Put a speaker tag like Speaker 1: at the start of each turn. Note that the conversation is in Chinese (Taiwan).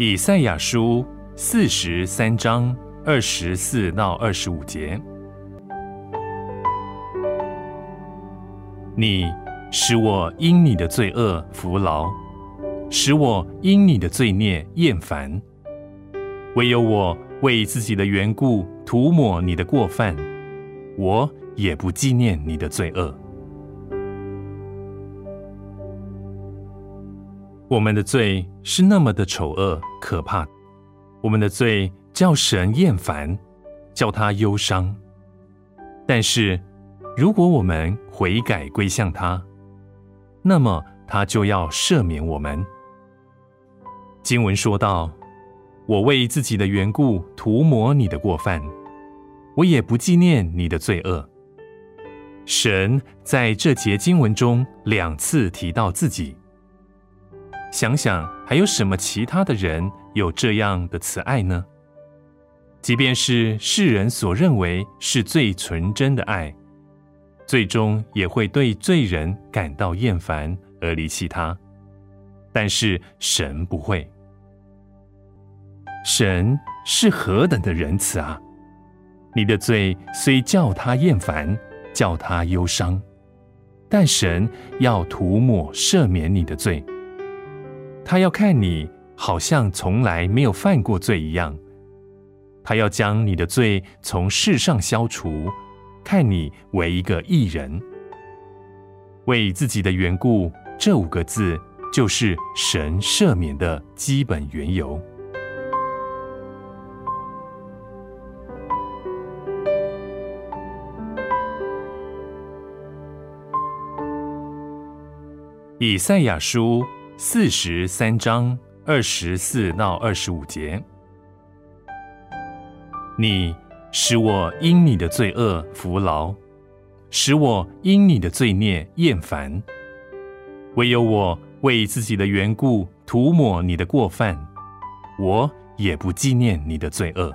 Speaker 1: 以賽亞書四十三章二十四到二十五節：你使我因你的罪惡服勞，使我因你的罪孽厭煩。唯有我為自己的緣故塗抹你的過犯，我也不紀念你的罪惡。我們的罪是那麼的醜惡可怕，我們的罪叫神厭煩，叫他憂傷。但是，如果我們悔改歸向他，那麼他就要赦免我們。經文說道：“我為自己的緣故塗抹你的過犯，我也不紀念你的罪惡。”神在這節經文中兩次提到自己。想想還有什麼其他的人有這樣的慈愛呢？即便是世人所認為是最純真的愛，最終也會對罪人感到厭煩而離棄他。但是神不會。神是何等的仁慈啊！你的罪雖叫他厭煩，叫他憂傷，但神要塗抹赦免你的罪。他要看你，好像從來沒有犯過罪一樣；他要將你的罪從世上消除，看你為一個義人，為自己的緣故。這五個字就是神赦免的基本緣由。以賽亞書。四十三章二十四到二十五節，你使我因你的罪惡服勞，使我因你的罪孽厭煩。唯有我為自己的緣故塗抹你的過犯，我也不紀念你的罪惡。